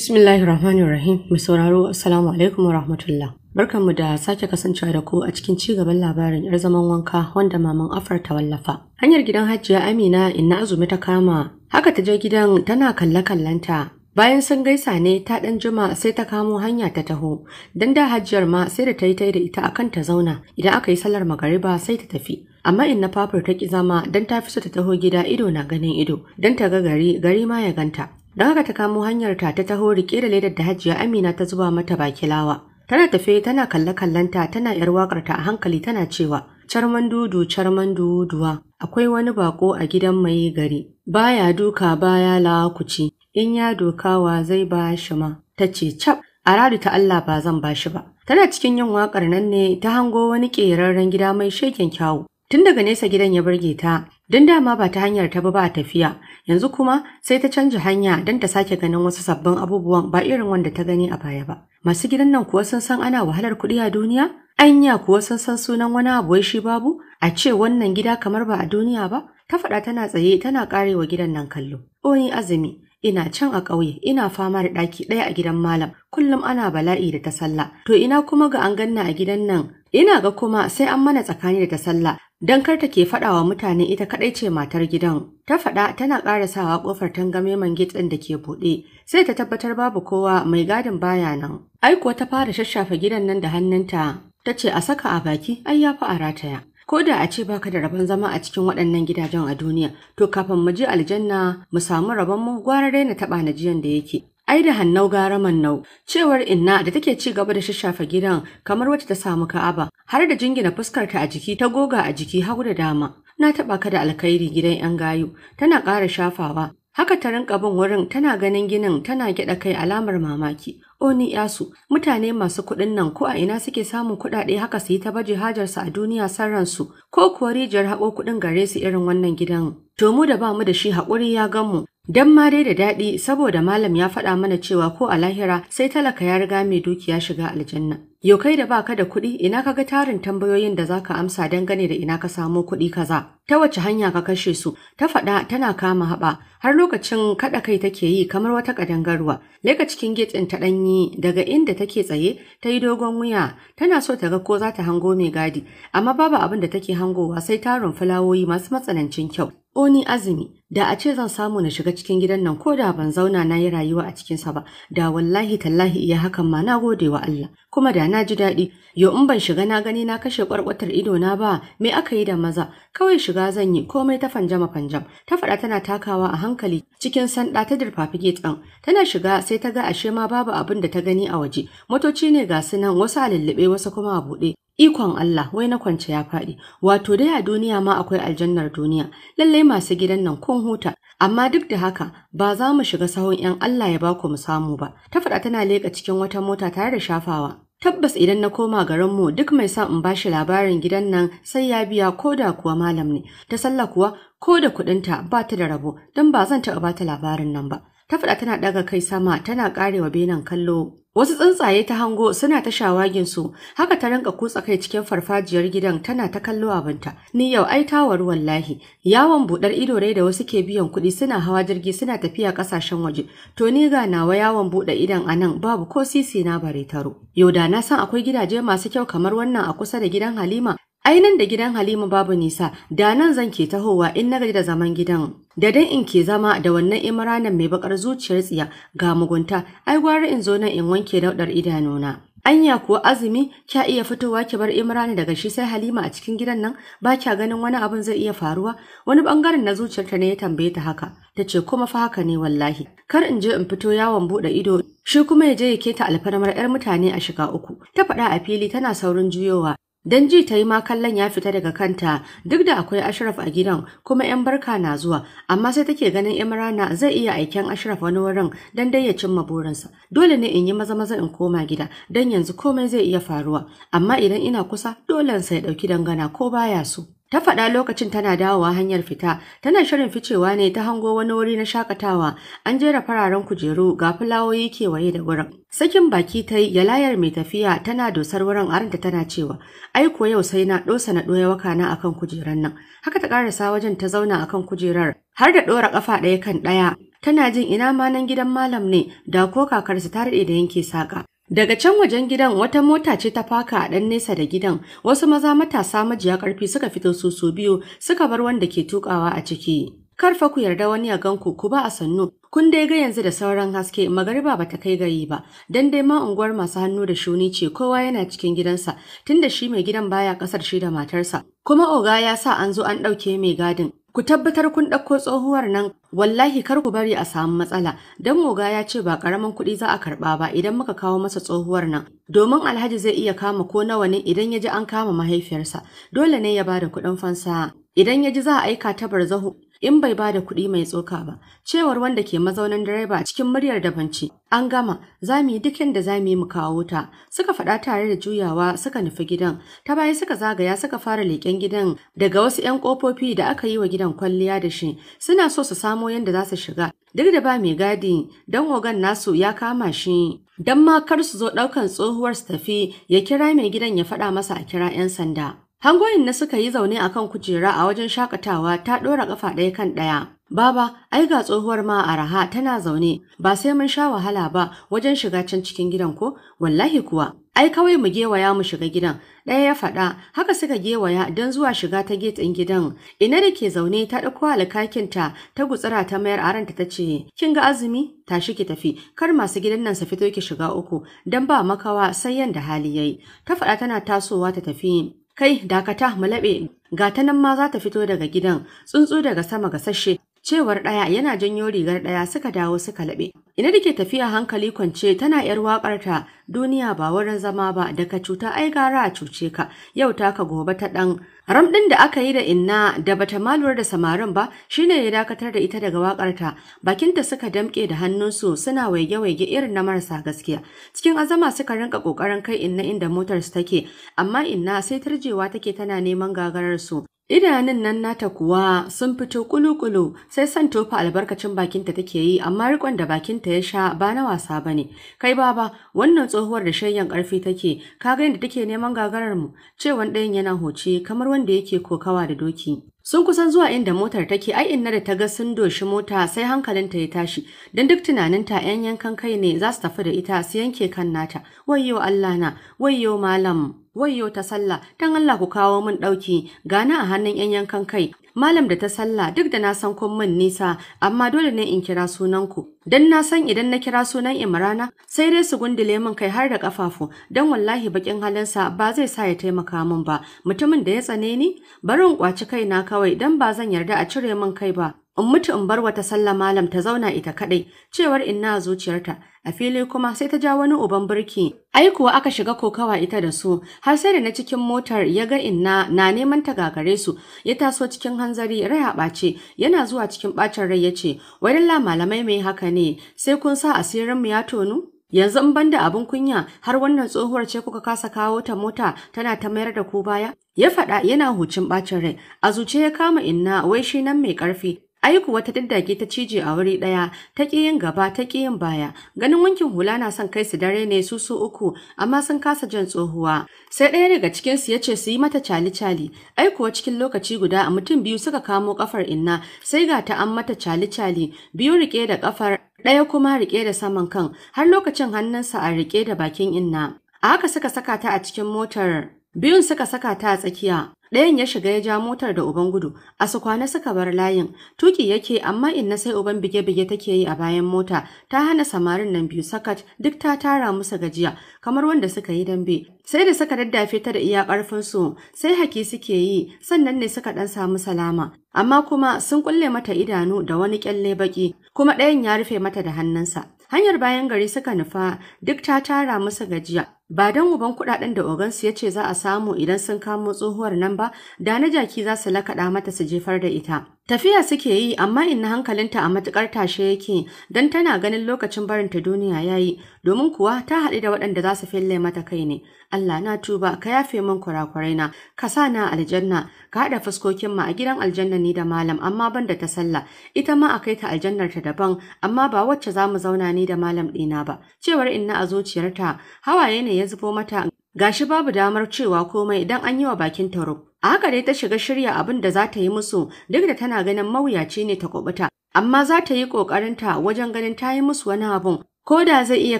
Bismillahir Rahmanir Rahim, mai sauraro Assalamu alaikum wa rahmatullah. Barkanmu da sake kasancewa da ku a cikin ci gaban labarin 'yar zaman wanka wanda maman Afar ta wallafa. Hanyar gidan Hajiya Amina inna azumi ta kama, haka ta je gidan tana kalle kallanta. Bayan sun gaisa ne ta ɗan jima sai ta kamo hanya ta taho, don da hajiyar ma sai da ta yi tai da ita akan ta zauna idan aka yi sallar magariba sai ta tafi. amma inna fafur ta ki zama don ta fi so ta taho gida ido na ganin ido dan ta ga gari gari ma ya ganta Don haka ta kamo hanyar ta ta taho rike da ledar da Hajiya Amina ta zuba mata bakilawa. Tana tafe tana kalle kallanta tana yar wakar a hankali tana cewa Charman dudu charman duduwa akwai wani bako a gidan mai gari baya duka baya lakuci in ya dokawa zai ba shi ma tace cap aradu ta Allah ba zan ba shi ba tana cikin yin wakar nan ne ta hango wani ƙerarren gida mai sheken kyawu tun daga nesa gidan ya burge ta don dama ba ta hanyar ta ba tafiya Yanzu kuma sai ta canja hanya don ta sake ganin wasu sabbin abubuwan ba irin wanda ta gani a baya ba. Masu gidan nan kuwa sun san ana wahalar kuɗi a duniya? Anya kuwa sun san sunan wani abu shi babu? A ce wannan gida kamar ba a duniya ba? Ta faɗa tana tsaye tana ƙarewa gidan nan kallo. Oni azumi, ina can a ƙauye ina fama da ɗaki ɗaya a gidan malam kullum ana bala'i da ta sallah to ina kuma ga an ganna a gidan nan ina ga kuma sai an mana tsakani da ta sallah don kar take faɗa wa mutane ita kaɗai ce matar gidan. Ta faɗa tana ƙara sawa ƙofar tangame man gitsin da ke buɗe, sai ta tabbatar babu kowa mai gadin baya nan. Aiko ta fara shashafa gidan nan da hannunta, ta ce a saka a baki ai ya fi a rataya. Ko da a ce baka da rabon zama a cikin waɗannan gidajen a duniya, to kafin mu je aljanna mu samu rabon mu gwara daina taɓa na jiyan da yake. ai da hannau gara mannau cewar inna da take ci gaba da shashafa gidan kamar wacce ta samu ka'aba har da jingina fuskarta a jiki ta goga a jiki hagu da dama na taba ka da alkhairi gidan yan gayu tana ƙara shafawa haka ta rinka bin wurin tana ganin ginin tana gyaɗa kai alamar mamaki oni yasu mutane masu kuɗin nan ko a ina suke samun kuɗaɗe haka su yi ta baje hajarsa a duniya sarran su ko kuwa rijiyar haƙo kuɗin gare su irin wannan gidan to mu da ba mu da shi haƙuri ya gan Dan ma dai da daɗi saboda malam ya faɗa mana cewa ko a lahira sai talaka ya riga mai dukiya shiga aljanna. Yau kai da ka da kuɗi ina kaga tarin tambayoyin da zaka amsa dangane da ina ka samo kuɗi kaza. ta wace hanya ka kashe su ta faɗa tana kama haɓa har lokacin kaɗa kai take yi kamar wata ƙadangarwa leka cikin gate ta ɗanyi daga inda take tsaye ta yi dogon wuya tana so ta ga ko za ta hango mai gadi amma babu abin da take hangowa sai tarin fulawoyi masu matsanancin kyau Oni azumi da a ce zan samu na shiga cikin gidan nan ko da ban zauna na yi rayuwa a cikin sa ba da wallahi tallahi iya hakan ma na gode wa Allah kuma da na ji daɗi yau in ban shiga na gani na kashe kwarkwatar ido na ba me aka yi da maza kawai shiga shiga zan yi komai ta fanjama fanjam ta faɗa tana takawa a hankali cikin sanda ta dirfafi gate ɗin tana shiga sai ta ga ashe ma babu abin da ta gani a waje motoci ne ga su nan wasu a lullube wasu kuma a buɗe Ikon Allah wai na kwance ya faɗi, wato dai a duniya ma akwai aljannar duniya, lallai masu gidan nan kun huta, amma duk da haka ba za mu shiga sahun ‘yan Allah ya baku mu samu ba, ta faɗa tana leka cikin wata mota tare da shafawa. Tabbas idan na koma garinmu duk mai sa in bashi labarin gidan nan sai ya biya ko da kuwa malam ne, ta sallah kuwa ko da kuɗinta ba ta da rabo don ba zan taɓa bata labarin nan ba. ta faɗa tana ɗaga kai sama tana karewa benan kallo. Wasu tsuntsaye ta hango suna ta shawagin su, haka ta rinka kutsa kai cikin farfajiyar gidan tana ta kallo abinta. Ni yau ai tawar wallahi, yawon budar ido rai da wasu ke biyan kuɗi suna hawa jirgi suna tafiya ƙasashen waje. To ni ga nawa yawon buɗe idan a nan babu ko sisi na bare taro. Yau da na san akwai gidaje masu kyau kamar wannan a kusa da gidan Halima, Ainin da gidan Halima babu nisa, da nan zan ke tahowa in na gaji da zaman gidan. Da dan in ke zama da wannan imaranan mai bakar zuciyar tsiya ga mugunta, ai gwara in zo nan in wanke daudar idanuna. Anya kuwa azumi kya iya fitowa ki bar Imrani daga shi sai Halima a cikin gidan nan ba kya ganin wani abin zai iya faruwa wani bangaren na zuciyarta ne ya tambaye ta haka Ta ce kuma fa haka ne wallahi kar in je in fito yawon bude ido shi kuma ya je ya keta alfarmar yar mutane a shiga uku ta faɗa a fili tana saurin juyowa Dan ji ta yi ma kallon ya fita daga kanta duk da akwai Ashraf a gidan kuma 'yan barka na zuwa amma sai take ganin Imrana zai iya aiken Ashraf wani wurin dan dai ya cimma burinsa. Dole ne in yi maza maza in koma gida dan yanzu komai zai iya faruwa amma idan ina kusa dole sai ya dauki dangana ko baya so. Ta faɗa lokacin tana dawowa hanyar fita, tana shirin ficewa ne ta hango wani wuri na shakatawa, an jera fararen kujeru ga fulawoyi kewaye da wurin. Sakin baki ta yi ya layar mai tafiya tana dosar wurin aranta tana cewa, ai ko yau sai na ɗosa na ɗoya waka na akan kujerar nan. Haka ta ƙarasa wajen ta zauna akan kujerar, har da ɗora ƙafa ɗaya kan ɗaya. Tana jin ina ma nan gidan malam ne, da ko kakarsa ta daɗe da yanke saƙa. Daga can wajen gidan wata mota ce ta faka a ɗan nesa da gidan, wasu maza matasa majiya ƙarfi suka fito su su biyu suka bar wanda ke tukawa a ciki. Karfa ku yarda wani a ganku ku ba a sannu, kun dai ga yanzu da sauran haske magariba bata kai gari ba, dan dai ma unguwar masu hannu da shuni ce kowa yana cikin gidansa, tunda shi mai gidan baya ƙasar shi da matarsa. Kuma oga ya sa an zo an ɗauke mai gadin, Ku tabbatar kun ɗauko tsohuwar nan wallahi kar ku bari a samu matsala don goga ya ce ba ƙaramin kuɗi za a karɓa ba idan muka kawo masa tsohuwar nan domin alhaji zai iya kama ko nawa ne idan ya ji an kama mahaifiyarsa dole ne ya ba da kuɗin fansa idan ya ji za a aika ta barzahu in bai ba da kuɗi mai tsoka ba cewar wanda ke mazaunin direba cikin muryar da banci an gama za mu yi duk yadda za mu yi mu kawo ta suka faɗa tare da juyawa suka nufi gidan ta baya suka zagaya suka fara leƙen gidan daga wasu 'yan ƙofofi da aka yi wa gidan kwalliya da shi suna so su samo yadda za su shiga duk da ba mai gadi don ogan nasu ya kama shi don ma kar su zo ɗaukan tsohuwar su tafi ya kira mai gidan ya faɗa masa a kira 'yan sanda. Hangoyin na suka yi zaune a kan kujera a wajen shakatawa ta ɗora ƙafa ɗaya kan ɗaya. Baba, ai ga tsohuwar ma a raha tana zaune, ba sai mun sha wahala ba wajen shiga can cikin gidan ko? Wallahi kuwa, ai kawai mu gewaya mu shiga gidan. Ɗaya ya faɗa, haka suka gewaya don zuwa shiga ta ɗin gidan. Ina da ke zaune ta ɗauko alkakin ta gutsira ta mayar aranta ta ce, Kin ga azumi? Tashi ki tafi, kar masu gidan nan su fito ki shiga uku, don ba makawa sai yanda hali yayi. Ta faɗa tana tasowa ta tafi. Kai dakata mulaɓe ga ta nan ma za ta fito daga gidan tsuntsu daga sama ga sashe cewar ɗaya yana janyo rigar ɗaya suka dawo suka laɓe. Ina da tafiya hankali kwance tana ‘yar wakar ta duniya ba wurin zama ba daga cuta ai gara a cuce ka yau taka gobe ta ɗan Ram ɗin da aka yi da inna da bata maluwar da samarin ba shi ne ya dakatar da ita daga waƙarta Bakinta suka damƙe da hannunsu suna waige-waige irin na marasa gaskiya. Cikin azama suka rinka ƙoƙarin kai inna inda motarsu take, amma inna sai tarjewa take tana neman gagararsu. Idanun nan nata kuwa sun fito kulukulu sai son tofa albarkacin bakinta take yi amma rikon da bakinta ya sha ba na wasa ba ne Kai baba wannan tsohuwar da shayyan karfi take kaga yadda take neman gagarar mu cewan ɗayan yana hoce kamar wanda yake kokawa da doki. Sun kusan zuwa inda motar take ai inna da ta ga sun doshi mota sai hankalinta ya tashi don duk tunaninta ‘yan yankan kai ne za su tafi da ita su yanke kan nata. Wayyo Allah na, wayyo malam, wayyo ta sallah, dan Allah ku kawo mun ɗauki, gana a hannun ‘yan yankan kai. Malam da ta sallah duk da na san kun min nisa amma dole ne in kira sunan ku. Dan na san idan na kira sunan Imrana sai dai su gundule min kai har da kafafu dan wallahi bakin halinsa ba zai sa ya taimaka min ba. Mutumin da ya tsane ni bari in kwaci kaina kawai dan ba zan yarda a cire min kai ba. In mutu in bar wata sallah malam ta zauna ita kadai cewar inna zuciyarta a fili kuma sai ta ja wani uban birki ai kuwa aka shiga kokawa ita da su har sai da na cikin motar ya ga inna na neman ta gagare su ya taso cikin hanzari rai a ɓace yana zuwa cikin ɓacin rai ya ce wadalla malamai mai haka ne sai kun sa asirinmu ya tonu Yanzu in banda abin kunya har wannan tsohuwar ce kuka kasa kawo ta mota tana ta mayar da ku baya? Ya faɗa yana hucin ɓacin rai, a zuce ya kama inna wai shi nan mai ƙarfi, Aiku wata ta daddage ta cije a wuri ɗaya, ta ƙi yin gaba ta ƙi yin baya. Ganin wankin hula na son kai su dare ne su su uku, amma sun kasa jan tsohuwa. Sai ɗaya daga cikin su yace su yi mata cali-cali. Aikuwa cikin lokaci guda a mutum biyu suka kamo kafar inna, sai ga ta an mata cali-cali, biyu rike da kafar, ɗaya kuma rike da saman kan, har lokacin hannunsa a rike da bakin inna. A haka suka saka ta a cikin motar Biyun suka saka ta a tsakiya, ɗayan ya shiga ya ja motar da uban gudu, a su kwana suka bar layin, tuki yake amma inna sai uban bige-bige take yi a bayan mota, ta hana samarin nan biyu sakat duk ta tara musu gajiya, kamar wanda suka yi dambe. Sai da suka daddafe ta da iya ƙarfinsu, sai haki suke yi, sannan ne suka ɗan samu salama. Amma kuma sun kulle mata idanu da wani ƙyalle baƙi, kuma ɗayan ya rufe mata da hannunsa. Hanyar bayan gari suka nufa duk ta tara masa gajiya. Ba don uban kuɗaɗen da ogansu ya ce za a samu idan sun kamo tsohuwar nan ba, da na jaki za su lakaɗa mata su jefar da ita. Tafiya suke yi amma inna hankalinta a matuƙar tashe yake don tana ganin lokacin barinta duniya ya yi, domin kuwa ta haɗu da waɗanda za su fille mata kai ne. Allah na tuba ka yafe min kurakurai na ka sa na aljanna ka haɗa fuskokin ma. a gidan aljanna ni da malam amma ban da ta sallah ita ma a ta aljannar ta daban amma ba wacce zamu zauna ni da malam ɗina ba cewar inna a zuciyarta hawaye ne ya zubo mata gashi babu damar cewa komai idan an yi wa bakin Taro. a haka dai ta shiga shirya abin da za ta yi musu duk da tana ganin mawuyaci ne ta kubuta amma za ta yi ƙoƙarinta wajen ganin ta yi musu wani abun ko da zai iya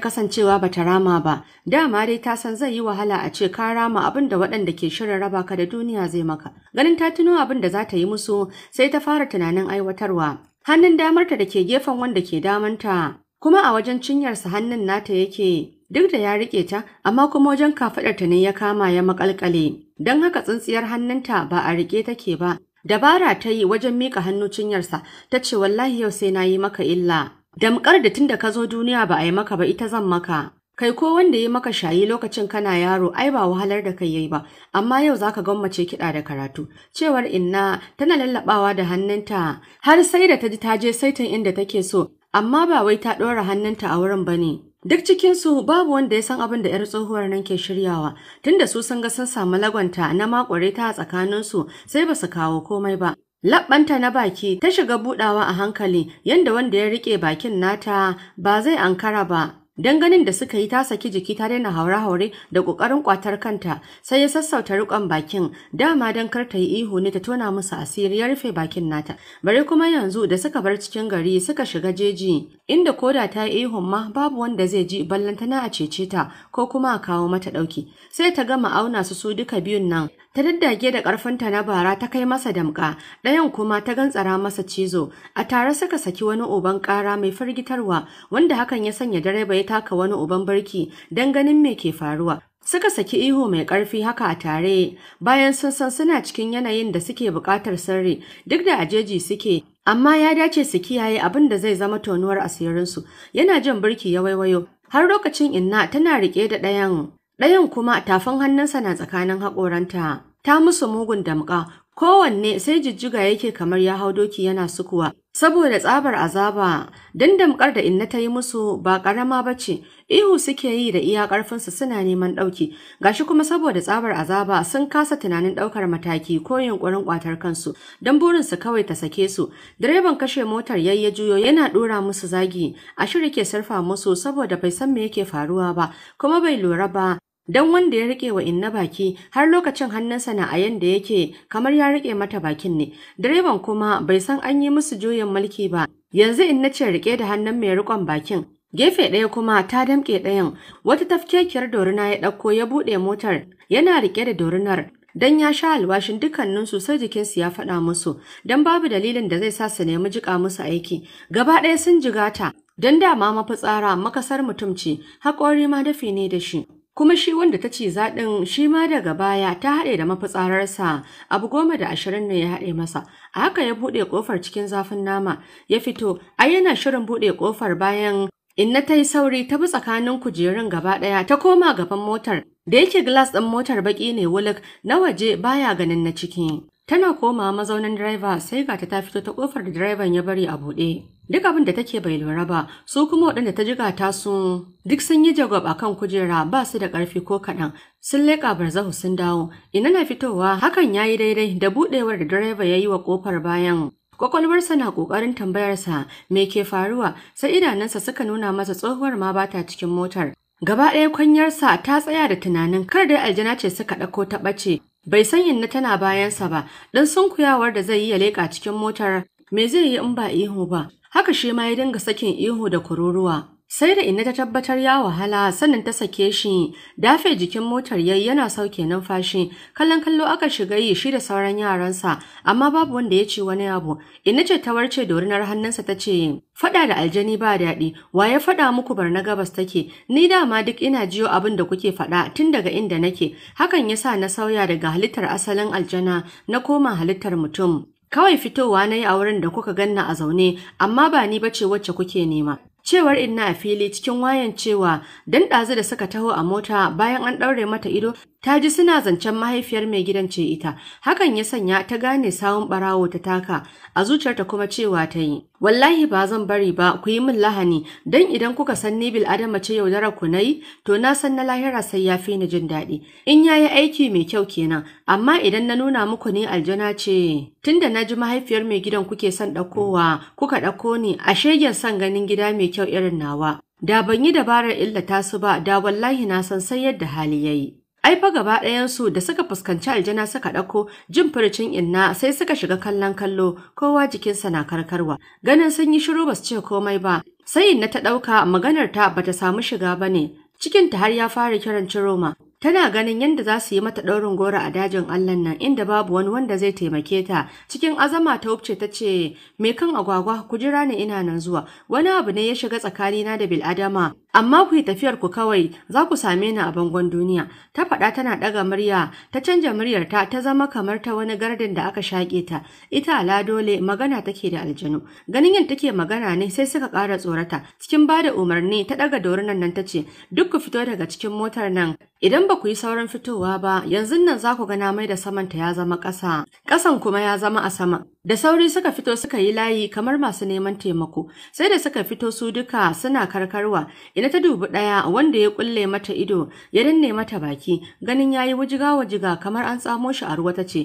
kasancewa bata rama ba dama dai ta san zai yi wahala a ce ka rama abin da waɗanda ke shirin raba ka da duniya zai maka ganin ta tuno abin da za ta yi musu sai ta fara tunanin aiwatarwa hannun damarta da ke gefen wanda ke damanta kuma a wajen cinyarsa hannun nata yake duk da ya rike ta amma kuma wajen kafaɗarta ne ya kama ya makalkale don haka tsintsiyar hannunta ba a rike take ba dabara ta yi wajen mika hannu cinyarsa ta ce wallahi yau sai na yi maka illa Damkar da tunda ka zo duniya ba a yi maka ba ita zan maka. Kai ko wanda ya maka shayi lokacin kana yaro ai ba wahalar da kai yayi ba, amma yau zaka gwammace kiɗa da karatu. Cewar inna tana lallabawa da hannunta har sai da ta ji ta je saitin inda take so, amma ba wai ta ɗora hannunta a wurin bane. Duk cikin su babu wanda ya san abin da ‘yar tsohuwar nan ke shiryawa, tunda su sun ga sun samu lagonta na makware ta a tsakaninsu sai ba su kawo komai ba. Labbanta na baki ta shiga budawa a hankali yanda wanda ya rike bakin nata ba zai ankara ba. Danganin da suka yi ta saki jiki ta daina haure-haure da ƙoƙarin ƙwatar kanta sai ya sassauta riƙon bakin dama don kar ta yi ihu ne ta tona musu asiri ya rufe bakin nata. Bare kuma yanzu da suka bar cikin gari suka shiga jeji inda koda ta yi ihun ma babu wanda zai ji ballantana a cece ta ko kuma a kawo mata ɗauki. Sai ta gama auna su su duka biyun nan ta daddage da ƙarfinta na bara ta kai masa damƙa, ɗayan kuma ta gantsara masa cizo, a tare suka saki wani uban ƙara mai firgitarwa wanda hakan ya sanya direba ya taka wani uban barki don ganin me ke faruwa. Suka saki ihu mai ƙarfi haka a tare, bayan sun san suna cikin yanayin da suke buƙatar sirri, duk da ajeji suke, amma ya dace su kiyaye abin da zai zama tonuwar asirinsu, yana jin birki ya waiwayo, har lokacin inna tana riƙe da ɗayan ɗayan kuma tafin hannunsa na tsakanin haƙoranta. Ta musu mugun damƙa, kowanne sai jijjiga yake kamar ya hau doki yana sukuwa. Saboda tsabar azaba, don damƙar da inna ta yi musu ba ƙarama ba ce, ihu suke yi da iya ƙarfinsu suna neman ɗauki, gashi kuma saboda tsabar azaba sun kasa tunanin ɗaukar mataki ko yunƙurin ƙwatar kansu, don burinsu kawai ta sake su. Direban kashe motar yayya juyo yana ɗora musu zagi, a shirya ke surfa musu saboda bai san me yake faruwa ba, kuma bai lura ba, don wanda ya rike wa inna baki har lokacin hannunsa na a yanda yake kamar ya rike mata bakin ne direban kuma bai san an yi musu juyin mulki ba yanzu inna ce rike da hannun mai rikon bakin gefe ɗaya kuma ta damƙe ɗayan wata tafkekiyar dorina ya ɗauko ya buɗe motar yana rike da dorinar dan ya sha alwashin dukkaninsu sai jikinsu ya faɗa musu don babu dalilin da zai sa su nemi jiƙa musu aiki gaba ɗaya sun jigata don dama mafitsara makasar mutum ce haƙori ma dafi ne da shi kuma shi wanda ta ce zaɗin shi ma daga baya ta haɗe da mafitsararsa abu goma da ashirin ne ya haɗe masa a haka ya buɗe ƙofar cikin zafin nama ya fito ai yana shirin buɗe ƙofar bayan inna ta yi sauri ta bi tsakanin kujerun gaba ɗaya ta koma gaban motar da yake glas ɗin motar baƙi ne wulik na waje baya ganin na ciki Tana koma mazaunin direba sai ga ta ta fito ta kofar da direban ya bari a buɗe. Duk abin da take bai lura ba, su kuma waɗanda ta jiga ta su duk sun yi jagwab a kan kujera ba su da ƙarfi ko kaɗan, sun leƙa barzahu sun dawo. Ina na fitowa hakan ya yi daidai da buɗewar da direba ya yi wa ƙofar bayan Kwakwalwarsa na ƙoƙarin tambayarsa me ke faruwa sai idanunsa suka nuna masa tsohuwar ma ba ta cikin motar. Gaba ɗaya kwanyarsa ta tsaya da tunanin kar dai aljana ce suka ɗauko ta ɓace Bai san Inna tana bayansa ba, dan sunkuyawar da zai yi ya leƙa cikin motar me zai yi in ba ihu ba. Haka shi ma ya dinga sakin ihu da kururuwa. Sai da ina ta tabbatar ya wahala sannan ta sake shi, dafe jikin motar yayi yana sauke numfashi, kallon kallo aka shiga yi shi da sauran yaransa, amma babu wanda ya ce wani abu. ina ce ta warce dorinar hannunsa ta ce, "Fada da aljani ba daɗi, wa ya faɗa muku bar na gabas take, ni dama duk ina jiyo abin da kuke faɗa, tun daga inda nake, hakan ya sa na sauya daga halittar asalin aljana na koma halittar mutum." Kawai fitowa na yi a wurin da kuka ganna a zaune, amma ba ni bace wacce kuke nema. cewar inna a fili cikin wayan cewa dan ɗazu da suka taho a mota bayan an ɗaure mata ido Ta ji suna zancen mahaifiyar mai gidan ce ita, hakan ya sanya ta gane sawun barawo ta taka, a zuciyarta kuma cewa ta yi. Wallahi ba zan bari ba ku yi min lahani, don idan kuka san ni bil adama ce yaudarar ku na yi? to na san na lahira sai ya fi ni jin daɗi. In ya yi aiki mai kyau kenan, amma idan na nuna muku ni aljana ce. Tunda na ji mahaifiyar mai gidan kuke son ɗaukowa, kuka ɗauko ni a shegen son ganin gida mai kyau irin nawa. Da ban yi dabarar illata su ba, da wallahi na san sai yadda hali ya yi. Ai fa gaba ɗayansu da suka fuskanci aljana suka ɗauko jin furucin inna sai suka shiga kallon kallo kowa jikinsa na karkarwa. Ganin sun yi shiru ba su ce komai ba. Sai inna ta ɗauka maganar ta ba ta samu shiga ba ne. Cikinta har ya fara kiran ci Roma. Tana ganin yadda za su yi mata ɗaurin goro a dajin Allah nan inda babu wani wanda zai taimake ta. Cikin azama ta wuce ta ce, Me kan agwagwa ku jira ni ina nan zuwa, wani abu ne ya shiga tsakanina da bil'adama amma ku yi tafiyar ku kawai za ku same ni a bangon duniya ta faɗa tana ɗaga murya ta canja muryar ta ta zama kamar ta wani gardin da aka shaƙe ta ita ala dole magana take da aljanu ganin yin take magana ne sai suka ƙara tsorata cikin ba da umarni ta ɗaga dorinan nan ta ce duk ku fito daga cikin motar nan idan ba ku yi sauran fitowa ba yanzu nan za ku gana mai da ta ya zama ƙasa ƙasan kuma ya zama a sama da sauri suka fito suka yi layi kamar masu neman taimako sai da suka fito su duka suna karkarwa Ina ta dubi ɗaya wanda ya kulle mata ido ya danne mata baki ganin yayi wujiga wajiga kamar an tsamo shi a ruwa tace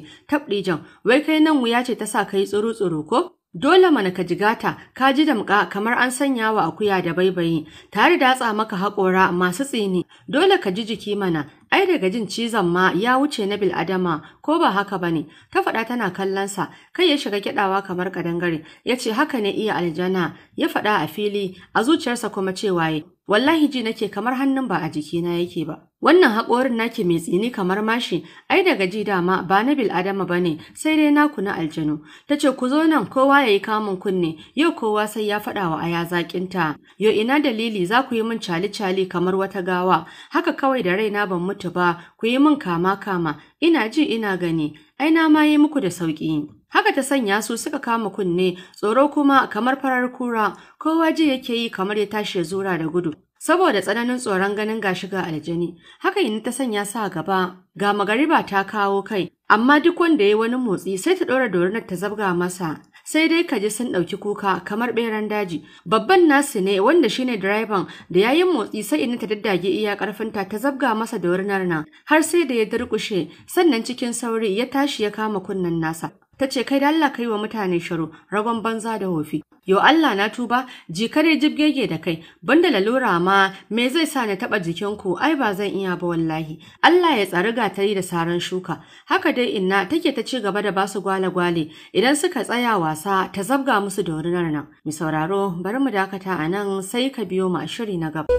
Jan, wai kai nan wuya ce ta sa kai tsuru tsuru ko Dole mana ka jigata, ka ji damƙa kamar an sanya wa akuya da baibayi, tare da tsa maka haƙora masu tsini, dole ka ji jiki mana, ai daga jin cizon ma ya wuce na bil'adama ko ba haka bane ta faɗa tana sa. kai ya shiga kiɗawa kamar kadangare ya ce haka ne iya aljana ya faɗa a fili a zuciyarsa kuma cewa ya wallahi ji nake kamar hannun ba a jikina yake ba wannan haƙorin nake mai tsini kamar mashi ai daga ji dama ba na bil'adama ba ne sai dai naku na aljanu ta ce ku zo nan kowa ya yi kamun kunne yau kowa sai ya faɗa wa aya zaƙinta yo ina dalili za ku yi min cali-cali kamar wata gawa haka kawai da raina ban mutu mutu ba, ku yi min kama-kama, ina ji ina gani, ai na ma yi muku da sauƙi. Haka ta sanya su suka kama kunne, tsoro kuma kamar farar kura, kowa ji yake yi kamar ya tashi zura da gudu. Saboda tsananin tsoron ganin gashi ga aljani, haka yin ta sanya sa gaba, ga magariba ta kawo kai, amma duk wanda ya wani motsi sai ta ɗora dorinar ta zabga masa, sai dai ka ji sun ɗauki kuka kamar ɓeran daji babban nasu ne wanda shine direban da yayin motsi sai ina ta daddage iya ƙarfinta ta zabga masa da wurnar nan har sai da ya durƙushe sannan cikin sauri ya tashi ya kama kunnen nasa ta ce kai da Allah kai wa mutane sharo' ragon banza da hofi Yau Allah na tuba ji kare jibgege da kai banda lalura ma me zai sa na taba jikinku ai ba zan iya ba wallahi Allah ya tsari gatari da saran shuka haka dai inna take ta ci gaba da basu gwale gwale idan suka tsaya wasa ta zabga musu dorinar nan mi sauraro bari mu dakata anan sai ka biyo mu a shiri na gaba